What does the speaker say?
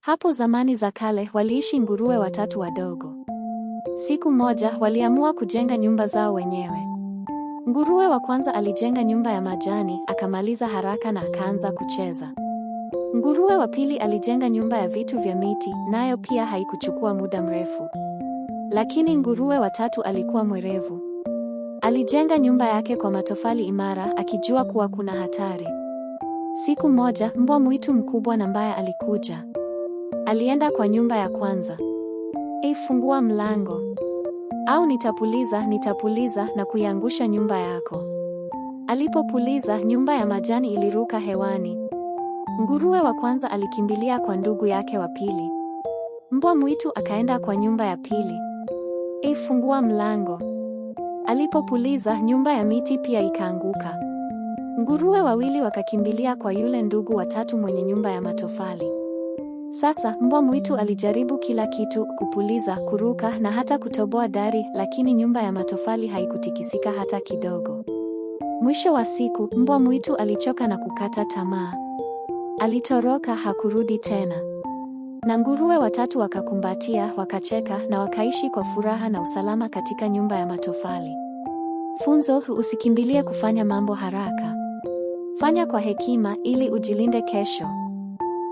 Hapo zamani za kale waliishi nguruwe watatu wadogo. Siku moja waliamua kujenga nyumba zao wenyewe. Nguruwe wa kwanza alijenga nyumba ya majani, akamaliza haraka na akaanza kucheza. Nguruwe wa pili alijenga nyumba ya vitu vya miti, nayo pia haikuchukua muda mrefu. Lakini nguruwe wa tatu alikuwa mwerevu. Alijenga nyumba yake kwa matofali imara, akijua kuwa kuna hatari. Siku moja mbwa mwitu mkubwa na mbaya alikuja. Alienda kwa nyumba ya kwanza. Ei, fungua mlango au nitapuliza, nitapuliza na kuiangusha nyumba yako. Alipopuliza, nyumba ya majani iliruka hewani. Nguruwe wa kwanza alikimbilia kwa ndugu yake wa pili. Mbwa mwitu akaenda kwa nyumba ya pili. Ei, fungua mlango. Alipopuliza, nyumba ya miti pia ikaanguka. Nguruwe wawili wakakimbilia kwa yule ndugu wa tatu mwenye nyumba ya matofali. Sasa mbwa mwitu alijaribu kila kitu: kupuliza, kuruka na hata kutoboa dari, lakini nyumba ya matofali haikutikisika hata kidogo. Mwisho wa siku, mbwa mwitu alichoka na kukata tamaa. Alitoroka, hakurudi tena. Na nguruwe watatu wakakumbatia, wakacheka na wakaishi kwa furaha na usalama katika nyumba ya matofali. Funzo: usikimbilie kufanya mambo haraka, fanya kwa hekima ili ujilinde kesho.